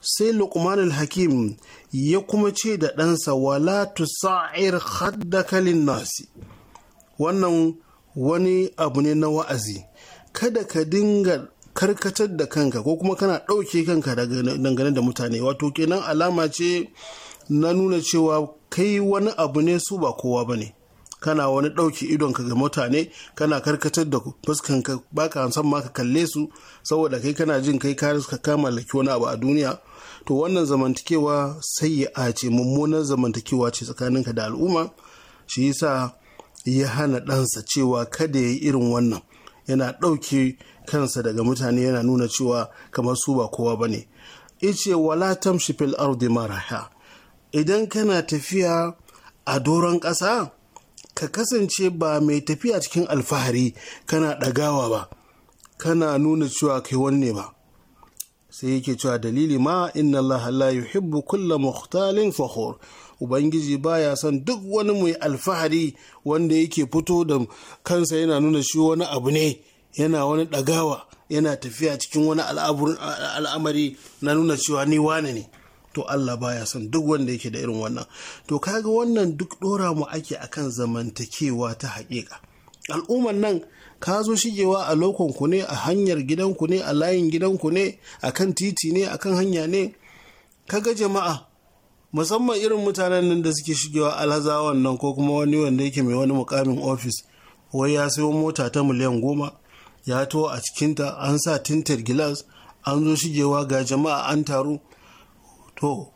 sai lukman hakim ya kuma ce da ɗansa wala tusa'ir haddakalin nasi wannan wani abu ne na wa'azi kada ka dinga karkatar da kanka ko kuma kana ɗauke kanka dangane da mutane wato kenan alama ce na nuna cewa kai wani abu ne su ba kowa ba ne kana wani ɗauki idonka ga mutane kana karkatar da fuskanka baka san ma ka kalle su saboda kai kana jin kai ka ka mallaki wani abu a duniya to wannan zamantakewa sai ya ace mummunan zamantakewa ce tsakaninka da al'umma shi yasa ya hana ɗansa cewa kada ya yi irin wannan yana ɗauke kansa daga mutane yana nuna cewa kamar su ba kowa ba ne ice wala tamshi fil ardi maraha idan kana tafiya a doron ƙasa ka kasance ba mai tafiya cikin alfahari kana ɗagawa ba kana nuna cewa kai wanne ba sai yake cewa dalili ma inna Allah la yuhibbu kulla mukhtalin fakhur ubangiji baya son duk wani mai alfahari wanda yake fito da kansa yana nuna shi wani abu ne yana wani ɗagawa yana tafiya cikin wani al'amari na nuna cewa ni wane ne to Allah baya son duk wanda yake da irin wannan to kaga wannan duk dora mu ake akan zamantakewa ta haƙiƙa al'ummar nan ka zo shigewa a ku ne a hanyar gidanku ne a layin gidanku ne a kan titi ne a kan hanya ne kaga jama'a musamman irin mutanen nan da suke shigewa alhazawan nan ko kuma wani wanda yake mai wani mukamin ofis wai ya sayo mota ta miliyan goma ya to a cikinta an sa tintar gilas an zo shigewa ga jama'a an taru to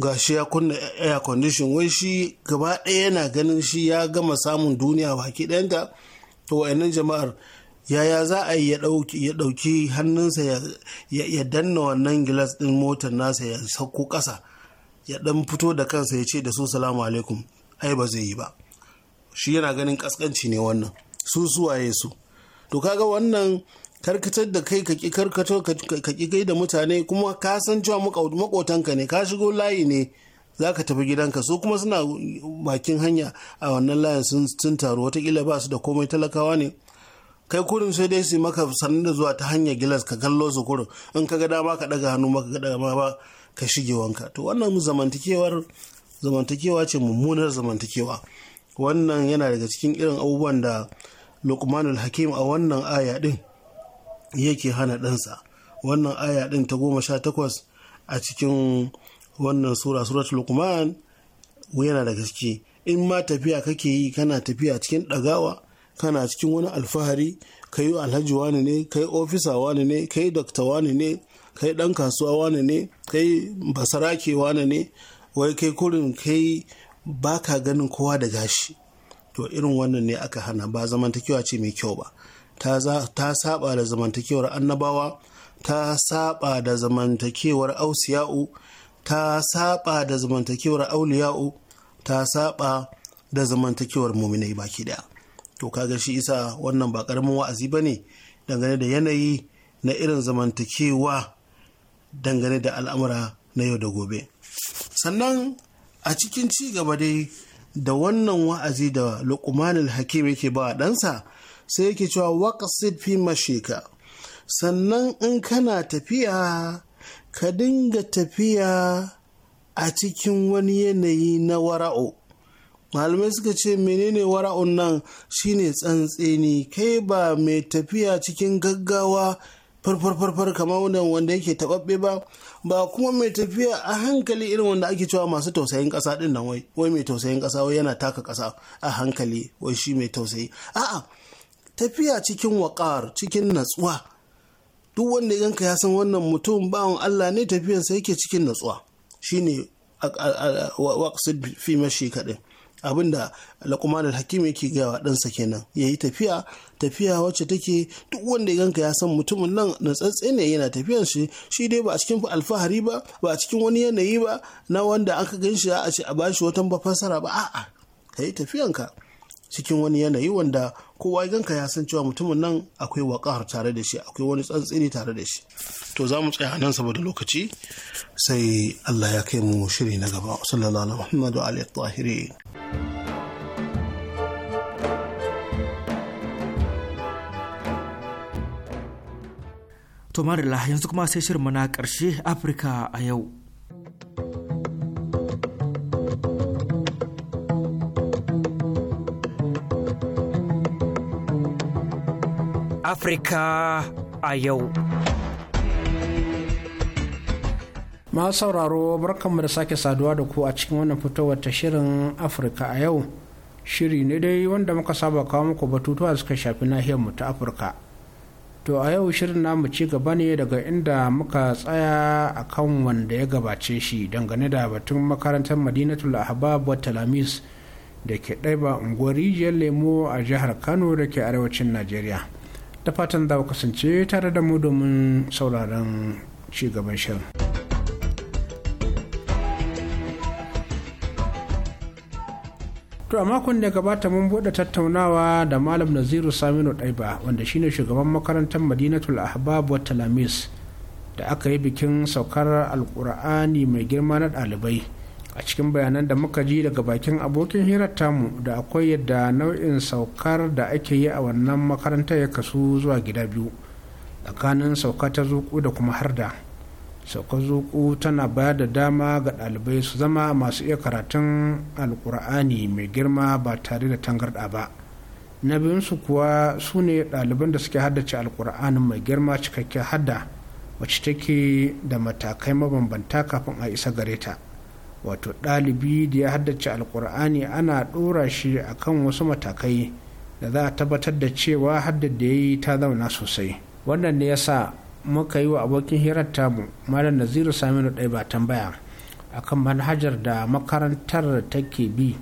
ga shi ya kunna air condition wai shi gaba ɗaya yana ganin shi ya gama samun duniya baki ɗayanta to wayannan jama'ar yaya za a yi ya ɗauki hannunsa ya danna wannan gilas ɗin motar nasa ya sauko ƙasa ya ɗan fito da kansa ya ce da su salamu alaikum ai ba zai yi ba shi yana ganin ƙasƙanci ne wannan su suwaye su to kaga wannan karkatar da kai kaki karkato kaki kai da mutane kuma ka san cewa makotanka ne ka shigo layi ne za ka tafi gidanka su kuma suna bakin hanya a wannan layin sun taru watakila ba su da komai talakawa ne kai kurin sai dai su maka sannu da zuwa ta hanyar gilas ka kallo su kurin in ka ga dama ka daga hannu maka ka ba ka shige wanka to wannan zamantakewar zamantakewa ce mummunar zamantakewa wannan yana daga cikin irin abubuwan da lukmanul hakim a wannan aya din yake hana ɗansa wannan aya ɗin ta goma sha takwas a cikin wannan sura surat lukman yana da gaske in ma tafiya kake yi kana tafiya cikin ɗagawa kana cikin wani alfahari kai alhaji wani ne kai ofisa wani ne kai dokta wani ne kai ɗan kasuwa wani ne kai basarake wani ne wai kai kurin kai ba ka ganin kowa da gashi to irin wannan ne aka hana ba zamantakewa ce mai kyau ba ta saba da zamantakewar annabawa ta saba da zamantakewar ausiya'u ta saba da zamantakewar auliya'u ta saba da zamantakewar muminai baki daya to kaga shi isa wannan ba karamin wa'azi ba ne dangane da yanayi na irin zamantakewa dangane da al'amura na yau da gobe sannan a cikin ci gaba dai da wannan wa'azi da luqmanul hakim yake ba ɗansa sai yake cewa waka fi mashika sannan in kana tafiya ka dinga tafiya a cikin wani yanayi na wara'u malamai suka ce menene wara'un nan shine tsantseni kai ba mai tafiya cikin gaggawa farfarfarfar kamar wannan wanda yake taɓaɓɓe ba ba kuma mai tafiya a hankali irin wanda ake cewa masu tausayin ƙasa ɗin nan wai wai mai tausayin ƙasa wai yana taka ƙasa a hankali wai shi mai tausayi a'a tafiya cikin waƙar cikin natsuwa duk wanda ya ganka ya san wannan mutum bawan Allah ne tafiyansa yake cikin natsuwa shine waqsid fi mashi kaɗai abinda da hakim yake gaya wa ɗansa kenan ya yi tafiya tafiya wacce take duk wanda ya ganka ya san mutumin nan natsatse ne yana tafiyan shi shi dai ba a cikin alfahari ba ba a cikin wani yanayi ba na wanda aka gan shi a ce a bashi wata fassara ba a'a ka yi tafiyanka cikin wani yanayi wanda kowa ganka ya san cewa mutumin nan akwai waƙar tare da shi akwai wani tsantsini tare da shi to za mu tsaya nan saboda lokaci sai Allah ya kai mu shiri na gaba sallallahu alaihi muhammadu alaihi tahiri to yanzu kuma sai shirin na karshe afirka a yau Afirka a yau. Masu sauraro barkanmu da sake saduwa da ku a cikin wannan fitowar ta shirin Afirka a yau. Shiri ne dai wanda muka saba kawo muku batutuwa suka shafi nahiyar mu ta Afirka. To a yau shirin namu ci gaba ne daga inda muka tsaya a kan wanda ya gabace shi dangane da batun makarantar Madinatul Ahbab wa Talamis da ke ɗaiba unguwar rijiyar lemo a jihar Kano da ke arewacin Najeriya. da fatan za ku kasance tare da mu domin sauraron shugaban shirin. To a makon da gabata mun bude tattaunawa da Malam Naziru Saminu daiba wanda shine shugaban makarantar Madinatul Ahbab wa Talamis da aka yi bikin saukar Alƙur'ani mai girma na ɗalibai. a cikin bayanan da muka ji daga bakin abokin hirar tamu da akwai yadda nau'in saukar da ake yi a wannan makarantar ya kasu zuwa gida biyu tsakanin sauka ta zuku da kuma harda saukar zuku tana bayar da dama ga ɗalibai su zama masu iya karatun alkur'ani mai girma ba tare da tangarɗa ba na biyunsu kuwa su ne ɗaliban da suke haddace alkur'anin mai girma cikakken hadda wacce take da matakai mabambanta kafin a isa gare ta wato ɗalibi da ya haddace alkur'ani ana ɗora shi a kan wasu matakai da za a tabbatar da cewa haddar da ya yi ta zauna sosai wannan ne yasa muka yi wa abokin hirar tamu malam naziru saminu ɗai ba tambaya akan manhajar da makarantar take bi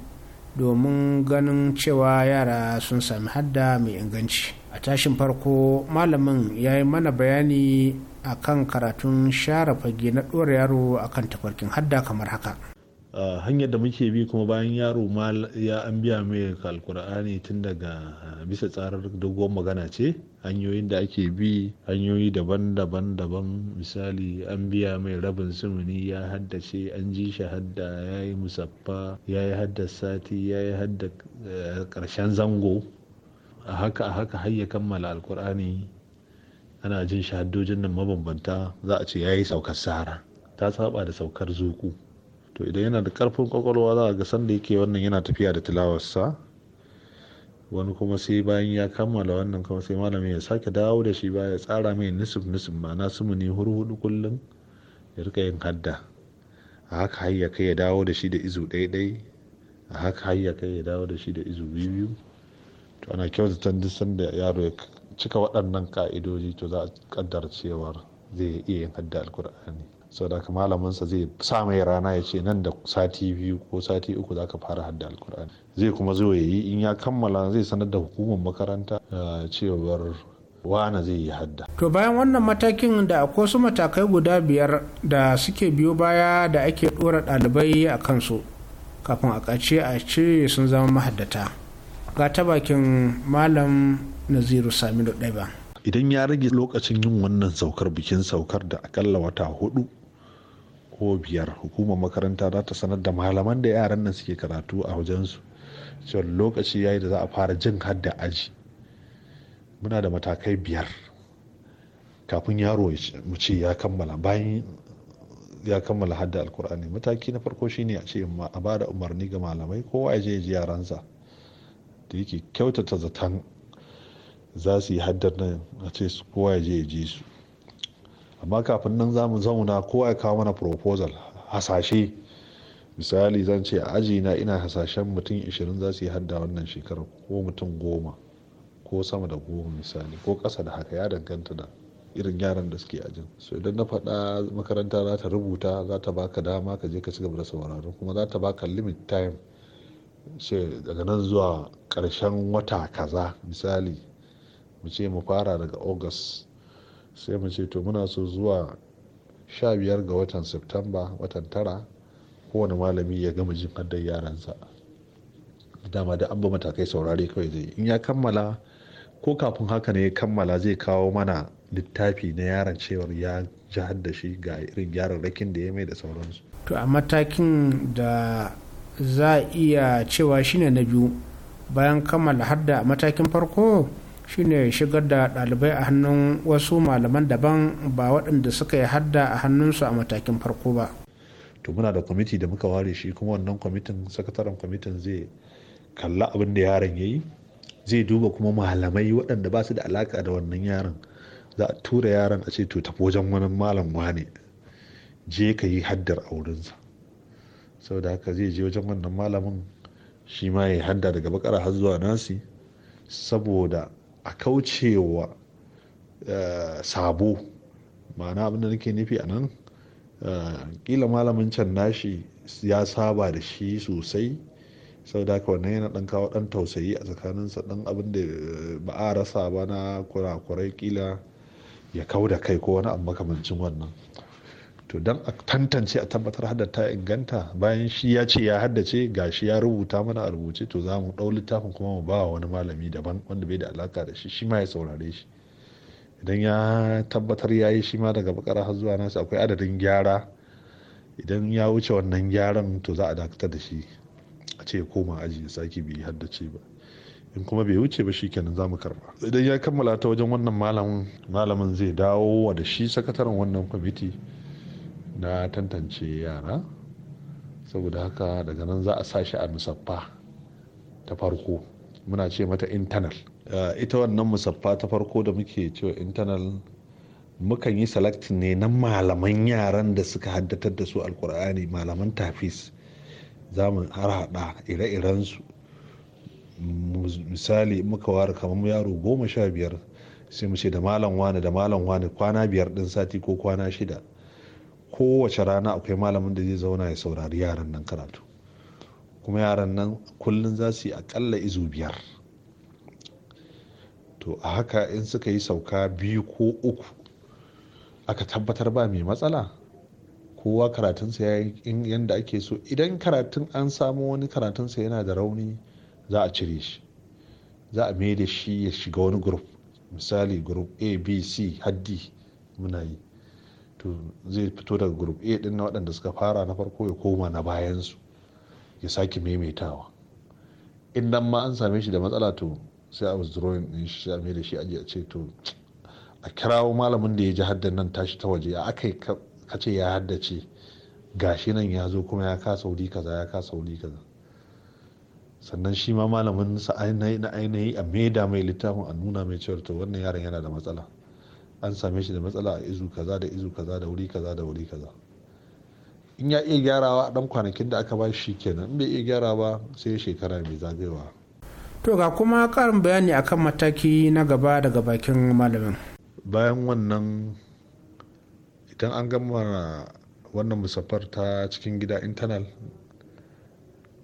domin ganin cewa yara sun sami hadda mai inganci a tashin farko malamin ya yi mana bayani a kan karatun share fage na ɗora yaro akan tafarkin hadda kamar haka Eh, hanyar da muke bi kuma bayan yaro ma ya an biya mai alkur'ani tun daga eh, bisa tsarar doguwar magana ce hanyoyin da ake bi hanyoyi daban-daban daban misali an biya mai rabin sumuni ya haddace an ji shi ya yi musaffa ya yi hadda sati ya yi hadda karshen eh, zango a haka a haka har ya kammala alkur'ani ana jin shahadojin nan mabambanta za a ce ya yi saukar sara ta saba da saukar zuku to idan yana da karfin kwakwalwa za a ga sanda yake wannan yana tafiya da tilawarsa wani kuma sai bayan ya kammala wannan kuma sai malamin ya sake dawo da shi baya tsara mai nisif nisif ma'ana sumu ne hurhudu kullum ya rika yin hadda a haka hayya kai ya dawo da shi da izu ɗaiɗai a haka hayya kai ya dawo da shi da izu biyu to ana kyautata duk sanda yaro ya cika waɗannan ka'idoji to za a kaddara cewar zai iya yin hadda alkur'ani sau da malaminsa zai sa mai rana ya ce nan da sati biyu ko sati uku za ka fara hadda alkur'ani zai kuma zo ya yi in ya kammala zai sanar da hukumar makaranta eh, cewar wana zai yi hadda. To bayan wannan matakin da akwai wasu matakai guda biyar da suke biyo baya da ake ɗora ɗalibai a kansu kafin a kace a ce sun zama mahaddata. Ga ta bakin Malam Naziru Saminu Ɗaiba. Idan ya rage lokacin yin wannan saukar bikin saukar da akalla wata hudu ko biyar hukumar makaranta za ta sanar da malaman da yaran nan suke karatu a wajensu cewa lokaci yayi da za a fara jin hadda aji muna da matakai biyar kafin yaro mu ce ya kammala bayan ya kammala hadda alkur'ani mataki na farko shine a ce a ba da umarni ga malamai kowa ya je ya ji yaransa da yake kyautata zaton za su yi haddar nan a ce kowa ya je ya ji su amma kafin nan za mu zauna ko ya kawo mana proposal hasashe misali zan ce a aji na ina hasashen mutum 20 za su yi hadda wannan shekarar ko mutum goma ko sama da goma misali ko kasa da haka ya danganta da irin yaran da suke ajin so idan na faɗa makaranta za ta rubuta za ta baka dama ka je ka ci gaba da sauraro kuma za ta baka limit time sai daga nan zuwa ƙarshen wata kaza misali mu ce mu fara daga august sai mu ce to muna so zuwa sha biyar ga watan septemba watan tara kowane malami ya gama jin haddar yaransa dama da an ba matakai saurari kawai zai in ya kammala ko kafin haka ne ya kammala zai kawo mana littafi na yaron cewar ya ji da shi ga irin rakin da ya mai da sauransu to a matakin da za a iya cewa shine na biyu bayan kammala hadda a matakin farko shine shigar da dalibai a hannun wasu malaman daban ba waɗanda suka yi hadda a hannunsu a matakin farko ba to muna da kwamiti da muka ware shi kuma wannan kwamitin sakataren kwamitin zai kalla abin da yaron ya yi zai duba kuma malamai waɗanda ba su da alaka da wannan yaron za a tura yaron a ce to tafi wajen wani malam wane je ka yi haddar a wurinsa saboda haka zai je wajen wannan malamin shi ma ya hadda daga bakara har zuwa nasi saboda a kaucewa eh, sabo ma'ana abin da nake nufi a nan eh, kila malamin can nashi ya saba da shi sosai sau da wannan yana dan kawo dan tausayi a tsakaninsa dan abin da ba a rasa ba na kurakurai kila ya kau da kai ko wani abu makamancin wannan to don a tantance a tabbatar hadda ta inganta bayan shi ya ce ya haddace gashi ya rubuta mana a rubuce to za mu ɗau littafin kuma mu ba wani malami daban wanda bai da alaka da shi shi ma ya saurare shi idan ya tabbatar ya yi shi ma daga bakara har zuwa nasu akwai adadin gyara idan ya wuce wannan gyaran to za a dakatar da shi a ce ya koma aji ya sake bai haddace ba in kuma bai wuce ba shi kenan za mu karba idan ya kammala ta wajen wannan malamin malamin zai dawo da shi sakataren wannan kwamiti na tantance yara saboda haka daga nan za a sa shi a musaffa ta farko muna ce mata internal eh, ita wannan musaffa ta farko da muke cewa internal mukan yi selecting ne na malaman yaran da suka haddatar da su alkur'ani malaman tafis za mu harhaɗa ire-irensu misali muka ware kamar yaro goma sha biyar sai mu ce da malam wani da malam wani kwana biyar ɗin sati ko kwana shida kowace rana akwai malamin da zai zauna ya saurari yaran nan karatu kuma yaran nan kullum za su yi akalla izu biyar to a haka in suka yi sauka biyu ko uku aka tabbatar ba mai matsala kowa karatunsa ya yi yadda ake so idan karatun an samu wani karatunsa yana da rauni za a cire shi za a mai da shi ya shiga wani grup misali grup a b c haddi muna yi to zai fito daga group a din na waɗanda suka fara na farko ya koma na bayansu ya sake maimaitawa idan ma an same shi da matsala to sai a withdrawing din shi a da shi aji a ce to a kirawo malamin da ya ji haddan nan tashi ta waje a aka ka ce ya haddace gashi nan ya zo kuma ya kasa wuri kaza ya kasa wuri kaza sannan shi ma malamin sa na ainihi a maida mai littafin a nuna mai cewar to wannan yaron yana da matsala an same shi da matsala a izu kaza da izu kaza da wuri kaza da wuri kaza in ya iya gyarawa a dan kwanakin da aka ba shi kenan in bai iya gyara ba sai shekara mai zagayowa to ga kuma karin bayani akan mataki na gaba daga bakin malamin bayan wannan idan an gama wannan musaffar ta cikin gida internal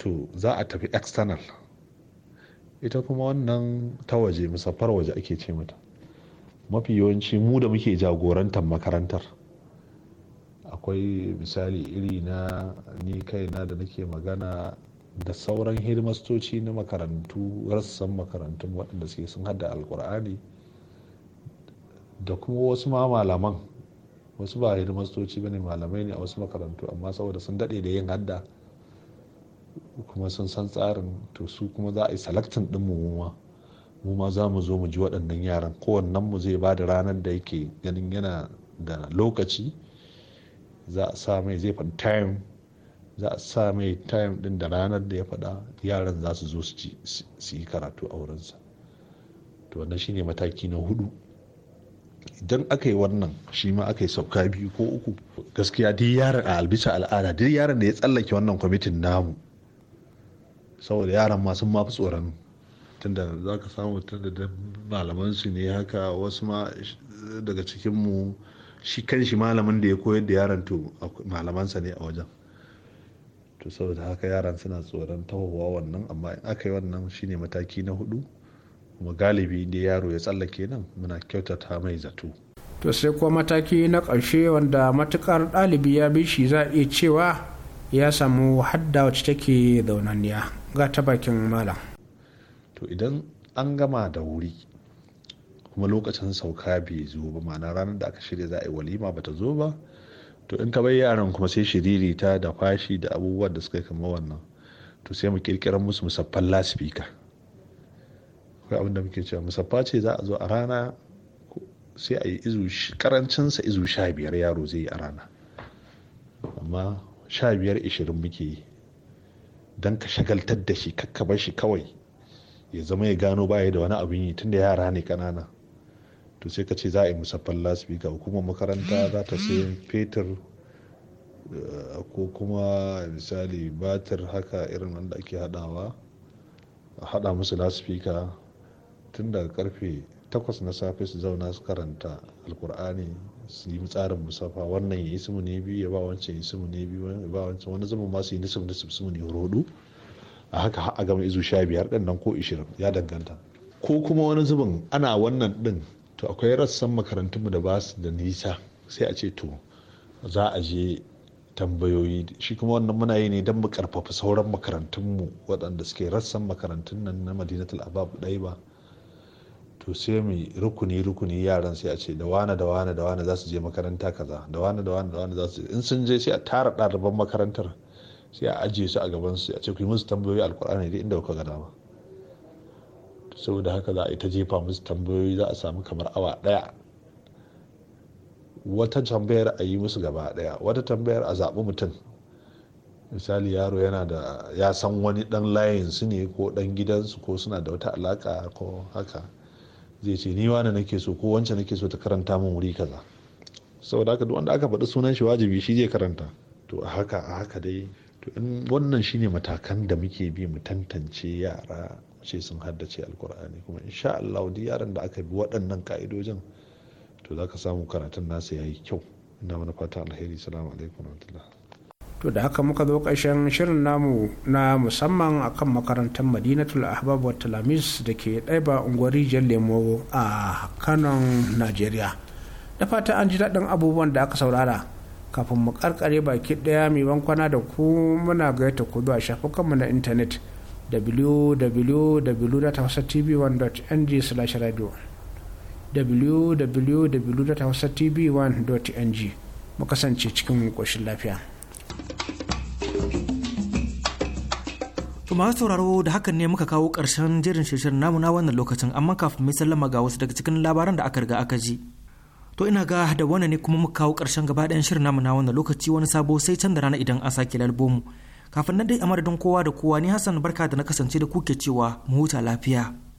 to za a tafi external ita kuma wannan ta waje musaffar waje ake ce mata mafi yawanci mu da muke jagorantar makarantar akwai misali iri na ni kaina da nake magana da sauran hidimastoci na makarantu rassan makarantun waɗanda suke sun hada alkur'ani da kuma wasu ma malaman wasu ba hidimastoci ba ne malamai ne a wasu makarantu amma saboda sun daɗe da yin hadda kuma sun san tsarin to su kuma za a yi salaktin ɗin mu mu ma za mu zo mu ji waɗannan yaran kowannen mu zai ba da ranar da yake ganin yana da lokaci za a sa mai zai faɗi time za a sa mai time ɗin da ranar da ya faɗa yaran za su zo su yi karatu a wurinsa to wannan shine mataki na hudu idan aka yi wannan shi ma aka yi sauka biyu ko uku gaskiya duk yaran a albisa al'ada duk yaran da ya tsallake wannan kwamitin namu saboda yaran ma sun mafi tsoron tunda za ka samu tunda malaman su ne haka wasu ma daga cikin mu shi kan shi malamin da ya koyar da yaran to malamansa ne a wajen to saboda haka yaran suna tsoron tahowa wannan amma in aka yi wannan shine mataki na hudu kuma galibi da yaro ya tsallake nan muna kyautata mai zato to sai kuma mataki na karshe wanda matukar ɗalibi ya bi shi za iya cewa ya samu hadda wacce take zaunanniya ga ta bakin malam to idan an gama da wuri kuma lokacin sauka bai zo ba ma'ana ranar da aka shirya za a yi walima ba ta zo ba to in ka bai yaran kuma sai shiririta da fashi da abubuwan da suka yi kama wannan to sai mu kirkira musu musaffan lasifika akwai abin da muke cewa musaffa ce za a zo a rana sai a yi izu karancinsa izu sha biyar yaro zai yi a rana amma sha biyar ishirin muke yi don ka shagaltar da shi kakka bar shi kawai ya zama ya gano baya da wani abin yi tunda yara ne kanana to sai ka ce za a yi musaffan lasbika hukumar makaranta za ta sai fetur eh, ko kuma misali batir haka irin wanda ake hadawa a hada musu lasfika tun daga karfe 8 na safe su zauna su karanta alkur'ani su yi tsarin musafa wannan ya yi sumu ne biyu ya ba wancan ya yi mu ne biyu ya ba wancan wani zama masu yi nisif nisif sumu ne hudu a haka ha a gama izu sha biyar din nan ko ishirin ya danganta ko kuma wani zubin ana wannan din to akwai rassan makarantunmu da ba su da nisa sai a ce to za a je tambayoyi shi kuma wannan muna yi ne don mu karfafa sauran makarantunmu waɗanda suke rassan makarantun nan na madinatul abab ɗai ba to sai mu rukuni rukuni yaran sai a ce da wane da wane da wane za su je makaranta kaza da wane da wane da wane za su in sun je sai a tara ɗaliban makarantar sai a ajiye su a gaban su a ce ku yi musu tambayoyi alkur'ani duk inda kuka ga dama saboda haka za a yi ta jefa musu tambayoyi za a samu kamar awa daya wata tambayar a yi musu gaba daya wata tambayar a zaɓi mutum misali yaro yana da ya san wani dan layin su ne ko dan gidansu ko suna da wata alaka ko haka zai ce ni wani nake so ko wancan nake so ta karanta mun wuri kaza saboda haka duk wanda aka faɗi sunan shi wajibi shi zai karanta to a haka a haka dai to in wannan shine matakan da muke bi mu tantance yara ce sun haddace alkur'ani kuma insha Allah duk yaran da aka bi waɗannan ka'idojin to za ka samu karatun nasa ya yi kyau ina mana fata alheri salamu alaikum warahmatullah to da haka muka zo ƙarshen shirin namu na musamman akan makarantar madinatul ahbab wa talamis da ke ɗaiba unguwar rijiyar lemo a kanon najeriya da fata an ji daɗin abubuwan da aka saurara kafin mu karkare baki daya mai bankwana da ku muna gaita ku zuwa shafukanmu na intanet wwwtv 1ng radio 1ng mu kasance cikin ƙoshin lafiya. masu sauraro da hakan ne muka kawo ƙarshen jirin shirin namu na wannan lokacin amma kafin mai sallama ga wasu daga cikin labaran da aka riga aka ji. To ina ga da wannan ne kuma muka kawo ƙarshen gaba ɗayan shirin namu na wannan lokaci wani sabo sai can da rana idan an sake mu Kafin nan dai a madadin kowa da kowa ni Hassan barka da na kasance da kuke cewa mu huta lafiya.